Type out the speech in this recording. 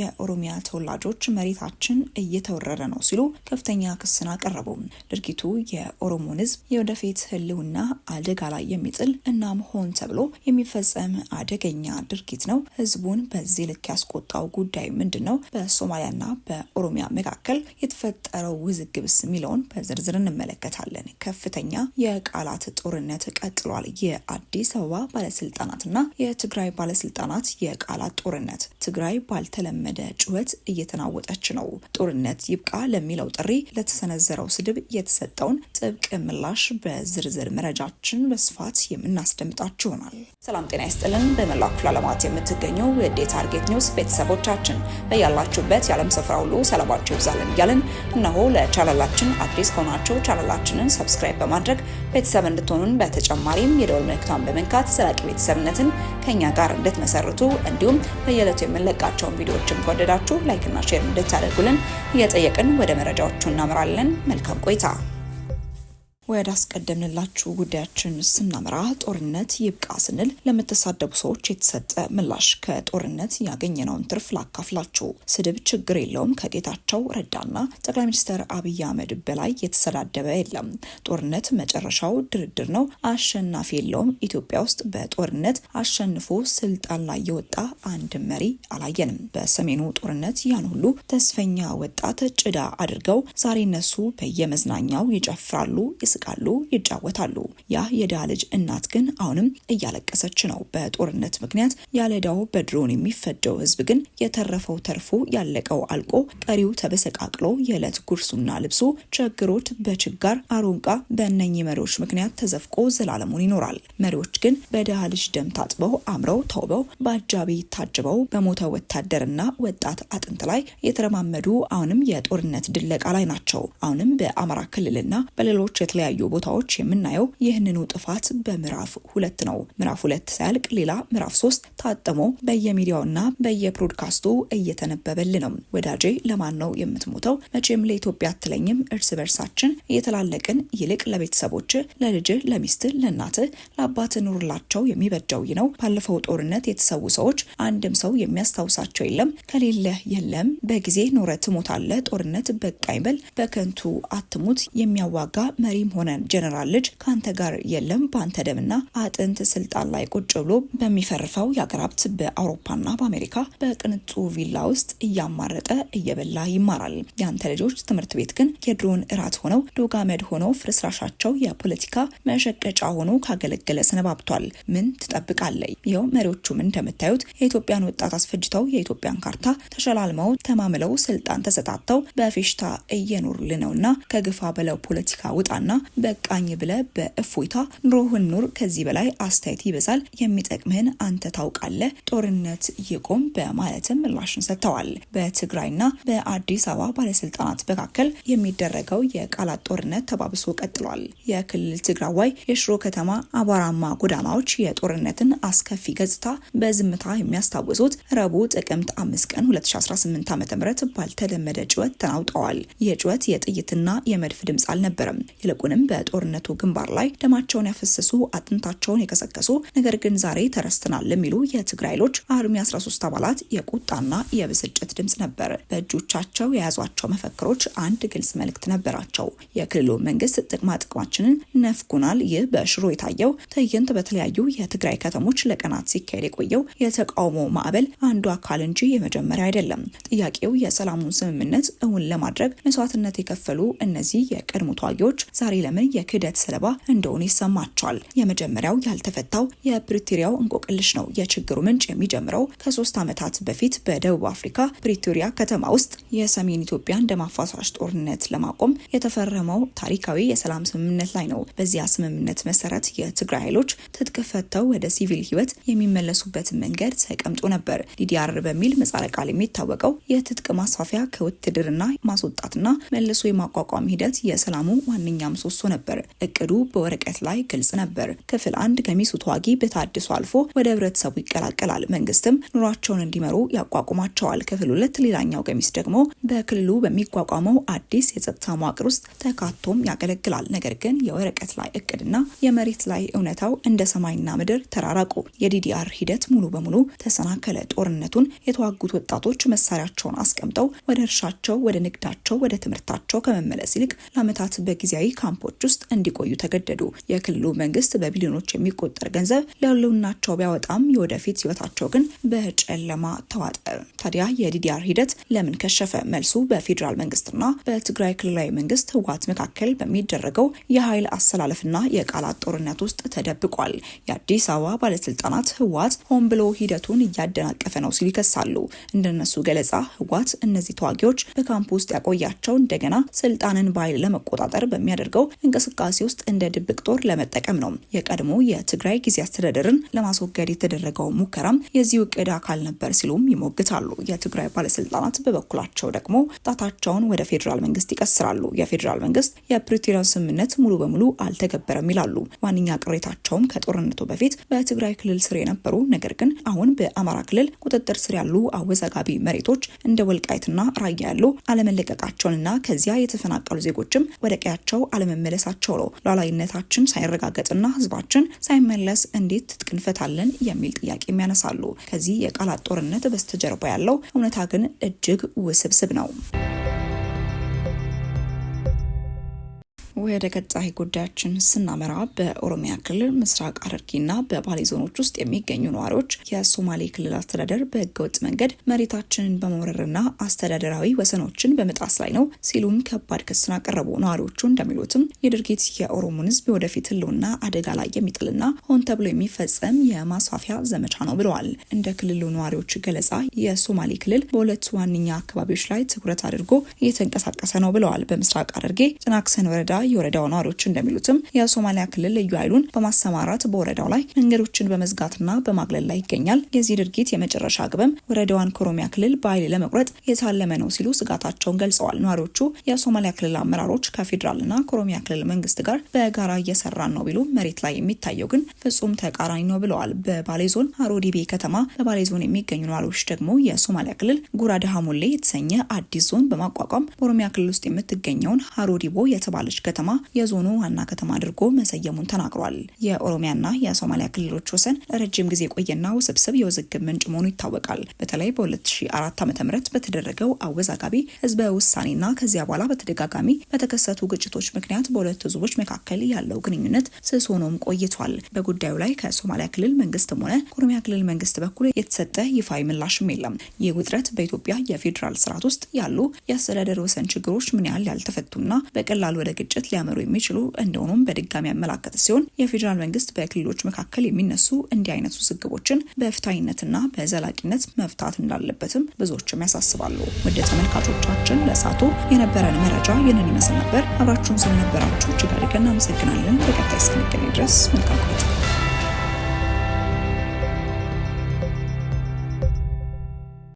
የኦሮሚያ ተወላጆች መሬታችን እየተወረረ ነው ሲሉ ከፍተኛ ክስን አቀረቡ። ድርጊቱ የኦሮሞን ህዝብ የወደፊት ህልውና አደጋ ላይ የሚጥል እናም ሆን ተብሎ የሚፈጸም አደገኛ ድርጊት ነው። ህዝቡን በዚህ ልክ ያስቆጣው ጉዳይ ምንድን ነው? በሶማሊያና በኦሮሚያ መካከል የተፈጠረው ውዝግብስ የሚለውን በዝርዝር እንመለከታለን። ከፍተኛ የቃላት ጦርነት ቀጥሏል። የአዲስ አበባ ባለስልጣናትና የትግራይ ባለስልጣናት የቃላት ጦርነት ትግራይ ባልተለመደ በተለመደ ጩኸት እየተናወጠች ነው። ጦርነት ይብቃ ለሚለው ጥሪ ለተሰነዘረው ስድብ የተሰጠውን ጥብቅ ምላሽ በዝርዝር መረጃችን በስፋት የምናስደምጣችሁ ይሆናል። ሰላም ጤና ይስጥልን። በመላው ክፍለ ዓለማት የምትገኙ የዴ ታርጌት ኒውስ ቤተሰቦቻችን በያላችሁበት የዓለም ስፍራ ሁሉ ሰላማችሁ ይብዛልን እያልን እነሆ ለቻናላችን አዲስ ከሆናችሁ ቻናላችንን ሰብስክራይብ በማድረግ ቤተሰብ እንድትሆኑን በተጨማሪም የደወል ምልክቷን በመንካት ዘላቂ ቤተሰብነትን ከኛ ጋር እንድትመሰርቱ እንዲሁም በየዕለቱ የምንለቃቸውን ቪዲዮዎችን ቪዲዮችን ከወደዳችሁ ላይክና ሼር እንድታደርጉልን እየጠየቅን ወደ መረጃዎቹ እናምራለን። መልካም ቆይታ ወደ አስቀደምንላችሁ ጉዳያችን ስናመራ ጦርነት ይብቃ ስንል ለምትሳደቡ ሰዎች የተሰጠ ምላሽ። ከጦርነት ያገኘነውን ትርፍ ላካፍላችሁ። ስድብ ችግር የለውም። ከጌታቸው ረዳና ጠቅላይ ሚኒስትር አብይ አህመድ በላይ የተሰዳደበ የለም። ጦርነት መጨረሻው ድርድር ነው፣ አሸናፊ የለውም። ኢትዮጵያ ውስጥ በጦርነት አሸንፎ ስልጣን ላይ የወጣ አንድ መሪ አላየንም። በሰሜኑ ጦርነት ያን ሁሉ ተስፈኛ ወጣት ጭዳ አድርገው ዛሬ እነሱ በየመዝናኛው ይጨፍራሉ ይስቃሉ፣ ይጫወታሉ። ያ የድሃ ልጅ እናት ግን አሁንም እያለቀሰች ነው። በጦርነት ምክንያት ያለዳው በድሮን የሚፈደው ህዝብ ግን የተረፈው ተርፎ ያለቀው አልቆ ቀሪው ተበሰቃቅሎ የዕለት ጉርሱና ልብሱ ችግሮት በችጋር አሮንቃ በእነኚህ መሪዎች ምክንያት ተዘፍቆ ዘላለሙን ይኖራል። መሪዎች ግን በድሃ ልጅ ደም ታጥበው አምረው ተውበው በአጃቢ ታጅበው በሞተ ወታደርና ወጣት አጥንት ላይ የተረማመዱ አሁንም የጦርነት ድለቃ ላይ ናቸው። አሁንም በአማራ ክልልና በሌሎች የተለያዩ በተለያዩ ቦታዎች የምናየው ይህንኑ ጥፋት በምዕራፍ ሁለት ነው። ምዕራፍ ሁለት ሳያልቅ ሌላ ምዕራፍ ሶስት ታጥሞ በየሚዲያውና በየፕሮድካስቱ እየተነበበል ነው። ወዳጄ ለማን ነው የምትሞተው? መቼም ለኢትዮጵያ አትለኝም። እርስ በርሳችን እየተላለቅን ይልቅ ለቤተሰቦች፣ ለልጅ፣ ለሚስት፣ ለእናት፣ ለአባት ኑርላቸው የሚበጃው ነው። ባለፈው ጦርነት የተሰዉ ሰዎች አንድም ሰው የሚያስታውሳቸው የለም። ከሌለ የለም በጊዜ ኖረ ትሞታለ። ጦርነት በቃ ይበል። በከንቱ አትሙት። የሚያዋጋ መሪም የሆነ ጀነራል ልጅ ከአንተ ጋር የለም በአንተ ደምና አጥንት ስልጣን ላይ ቁጭ ብሎ በሚፈርፈው የአገር ሀብት በአውሮፓና በአሜሪካ በቅንጡ ቪላ ውስጥ እያማረጠ እየበላ ይማራል። የአንተ ልጆች ትምህርት ቤት ግን የድሮን እራት ሆነው ዶጋመድ ሆነው ፍርስራሻቸው የፖለቲካ መሸቀጫ ሆኖ ካገለገለ ሰነባብቷል። ምን ትጠብቃለህ? ይኸው መሪዎቹም እንደምታዩት የኢትዮጵያን ወጣት አስፈጅተው የኢትዮጵያን ካርታ ተሸላልመው ተማምለው ስልጣን ተሰጣተው በፌሽታ እየኖሩልን ነውና ከግፋ በለው ፖለቲካ ውጣና በቃኝ ብለ በእፎይታ ኑሮህን ኑር። ከዚህ በላይ አስተያየት ይበዛል። የሚጠቅምህን አንተ ታውቃለህ። ጦርነት ይቁም በማለትም ምላሽን ሰጥተዋል። በትግራይና በአዲስ አበባ ባለስልጣናት መካከል የሚደረገው የቃላት ጦርነት ተባብሶ ቀጥሏል። የክልል ትግራዋይ የሽሮ ከተማ አቧራማ ጎዳናዎች የጦርነትን አስከፊ ገጽታ በዝምታ የሚያስታውሱት ረቡዕ ጥቅምት አምስት ቀን 2018 ዓ ም ባልተለመደ ጩኸት ተናውጠዋል። ይህ የጥይትና የመድፍ ድምፅ አልነበረም። ይልቁ ይልቁንም በጦርነቱ ግንባር ላይ ደማቸውን ያፈሰሱ አጥንታቸውን የከሰከሱ ነገር ግን ዛሬ ተረስተናል የሚሉ የትግራይ ኃይሎች አርሚ 13 አባላት የቁጣና የብስጭት ድምጽ ነበር። በእጆቻቸው የያዟቸው መፈክሮች አንድ ግልጽ መልእክት ነበራቸው። የክልሉ መንግስት ጥቅማ ጥቅማችንን ነፍጉናል። ይህ በሽሮ የታየው ትዕይንት በተለያዩ የትግራይ ከተሞች ለቀናት ሲካሄድ የቆየው የተቃውሞ ማዕበል አንዱ አካል እንጂ የመጀመሪያ አይደለም። ጥያቄው የሰላሙን ስምምነት እውን ለማድረግ መስዋዕትነት የከፈሉ እነዚህ የቀድሞ ተዋጊዎች ዛሬ ለምን የክህደት ሰለባ እንደሆኑ ይሰማቸዋል። የመጀመሪያው ያልተፈታው የፕሪቶሪያው እንቆቅልሽ ነው። የችግሩ ምንጭ የሚጀምረው ከሶስት ዓመታት በፊት በደቡብ አፍሪካ ፕሪቶሪያ ከተማ ውስጥ የሰሜን ኢትዮጵያ እንደማፋሳሽ ጦርነት ለማቆም የተፈረመው ታሪካዊ የሰላም ስምምነት ላይ ነው። በዚያ ስምምነት መሰረት የትግራይ ኃይሎች ትጥቅ ፈተው ወደ ሲቪል ህይወት የሚመለሱበት መንገድ ተቀምጦ ነበር። ዲዲአር በሚል ምህጻረ ቃል የሚታወቀው የትጥቅ ማስፋፊያ ከውትድርና ማስወጣትና መልሶ የማቋቋም ሂደት የሰላሙ ዋነኛ ምሶ ምሰሶ ነበር። እቅዱ በወረቀት ላይ ግልጽ ነበር። ክፍል አንድ ገሚሱ ተዋጊ በታድሶ አልፎ ወደ ህብረተሰቡ ይቀላቀላል። መንግስትም ኑሯቸውን እንዲመሩ ያቋቁማቸዋል። ክፍል ሁለት ሌላኛው ገሚስ ደግሞ በክልሉ በሚቋቋመው አዲስ የጸጥታ መዋቅር ውስጥ ተካቶም ያገለግላል። ነገር ግን የወረቀት ላይ እቅድና የመሬት ላይ እውነታው እንደ ሰማይና ምድር ተራራቁ። የዲዲአር ሂደት ሙሉ በሙሉ ተሰናከለ። ጦርነቱን የተዋጉት ወጣቶች መሳሪያቸውን አስቀምጠው ወደ እርሻቸው፣ ወደ ንግዳቸው፣ ወደ ትምህርታቸው ከመመለስ ይልቅ ለዓመታት በጊዜያዊ ካምፕ ካምፖች ውስጥ እንዲቆዩ ተገደዱ። የክልሉ መንግስት በቢሊዮኖች የሚቆጠር ገንዘብ ለህልውናቸው ቢያወጣም የወደፊት ህይወታቸው ግን በጨለማ ተዋጠ። ታዲያ የዲዲአር ሂደት ለምን ከሸፈ? መልሱ በፌዴራል መንግስትና በትግራይ ክልላዊ መንግስት ህወሓት መካከል በሚደረገው የኃይል አሰላለፍና የቃላት ጦርነት ውስጥ ተደብቋል። የአዲስ አበባ ባለስልጣናት ህወሓት ሆን ብሎ ሂደቱን እያደናቀፈ ነው ሲሉ ይከሳሉ። እንደነሱ ገለጻ ህወሓት እነዚህ ተዋጊዎች በካምፕ ውስጥ ያቆያቸው እንደገና ስልጣንን በኃይል ለመቆጣጠር በሚያደርገው እንቅስቃሴ ውስጥ እንደ ድብቅ ጦር ለመጠቀም ነው። የቀድሞ የትግራይ ጊዜ አስተዳደርን ለማስወገድ የተደረገው ሙከራም የዚህ እቅድ አካል ነበር ሲሉም ይሞግታሉ። የትግራይ ባለስልጣናት በበኩላቸው ደግሞ ጣታቸውን ወደ ፌዴራል መንግስት ይቀስራሉ። የፌዴራል መንግስት የፕሪቶሪያውን ስምምነት ሙሉ በሙሉ አልተገበረም ይላሉ። ዋነኛ ቅሬታቸውም ከጦርነቱ በፊት በትግራይ ክልል ስር የነበሩ ነገር ግን አሁን በአማራ ክልል ቁጥጥር ስር ያሉ አወዛጋቢ መሬቶች እንደ ወልቃይትና ራያ ያሉ አለመለቀቃቸውንና ከዚያ የተፈናቀሉ ዜጎችም ወደ ቀያቸው አለመ መመለሳቸው ነው። ሉዓላዊነታችን ሳይረጋገጥና ህዝባችን ሳይመለስ እንዴት ትጥቅ እንፈታለን የሚል ጥያቄ የሚያነሳሉ። ከዚህ የቃላት ጦርነት በስተጀርባ ያለው እውነታ ግን እጅግ ውስብስብ ነው። ወደ ቀጣይ ጉዳያችን ስናመራ በኦሮሚያ ክልል ምስራቅ ሐረርጌና በባሌ ዞኖች ውስጥ የሚገኙ ነዋሪዎች የሶማሌ ክልል አስተዳደር በህገወጥ መንገድ መሬታችንን በመውረርና አስተዳደራዊ ወሰኖችን በመጣስ ላይ ነው ሲሉም ከባድ ክስን አቀረቡ። ነዋሪዎቹ እንደሚሉትም የድርጊት የኦሮሞን ህዝብ ወደፊት ህልውና አደጋ ላይ የሚጥልና ሆን ተብሎ የሚፈጸም የማስፋፊያ ዘመቻ ነው ብለዋል። እንደ ክልሉ ነዋሪዎች ገለጻ የሶማሌ ክልል በሁለቱ ዋነኛ አካባቢዎች ላይ ትኩረት አድርጎ እየተንቀሳቀሰ ነው ብለዋል። በምስራቅ ሐረርጌ ጥናክሰን ወረዳ የወረዳው ነዋሪዎች እንደሚሉትም የሶማሊያ ክልል ልዩ ኃይሉን በማሰማራት በወረዳው ላይ መንገዶችን በመዝጋትና በማግለል ላይ ይገኛል። የዚህ ድርጊት የመጨረሻ ግብም ወረዳዋን ከኦሮሚያ ክልል በኃይል ለመቁረጥ የታለመ ነው ሲሉ ስጋታቸውን ገልጸዋል። ነዋሪዎቹ የሶማሊያ ክልል አመራሮች ከፌዴራልና ከኦሮሚያ ክልል መንግስት ጋር በጋራ እየሰራን ነው ቢሉ መሬት ላይ የሚታየው ግን ፍጹም ተቃራኒ ነው ብለዋል። በባሌ ዞን አሮዲቤ ከተማ በባሌ ዞን የሚገኙ ነዋሪዎች ደግሞ የሶማሊያ ክልል ጉራ የተሰኘ አዲስ ዞን በማቋቋም በኦሮሚያ ክልል ውስጥ የምትገኘውን ሀሮዲቦ የተባለች ከተማ ከተማ የዞኑ ዋና ከተማ አድርጎ መሰየሙን ተናግሯል። የኦሮሚያና የሶማሊያ ክልሎች ወሰን ረጅም ጊዜ የቆየና ውስብስብ የውዝግብ ምንጭ መሆኑ ይታወቃል። በተለይ በ2004 ም በተደረገው አወዛጋቢ ህዝበ ውሳኔና ከዚያ በኋላ በተደጋጋሚ በተከሰቱ ግጭቶች ምክንያት በሁለቱ ህዝቦች መካከል ያለው ግንኙነት ስስ ሆኖም ቆይቷል። በጉዳዩ ላይ ከሶማሊያ ክልል መንግስትም ሆነ ከኦሮሚያ ክልል መንግስት በኩል የተሰጠ ይፋዊ ምላሽም የለም። ይህ ውጥረት በኢትዮጵያ የፌዴራል ስርዓት ውስጥ ያሉ የአስተዳደር ወሰን ችግሮች ምን ያህል ያልተፈቱና በቀላሉ ወደ ግጭት ሊያመሩ የሚችሉ እንደሆኑም በድጋሚ ያመላከተ ሲሆን የፌዴራል መንግስት በክልሎች መካከል የሚነሱ እንዲህ አይነት ውዝግቦችን በፍታይነትና በዘላቂነት መፍታት እንዳለበትም ብዙዎችም ያሳስባሉ። ወደ ተመልካቾቻችን ለእሳቱ የነበረን መረጃ ይህንን ይመስል ነበር። አብራችሁን ስለነበራችሁ እጅግ አድርገን እናመሰግናለን። በቀጣይ እስክንገናኝ ድረስ መልካም ቆይታ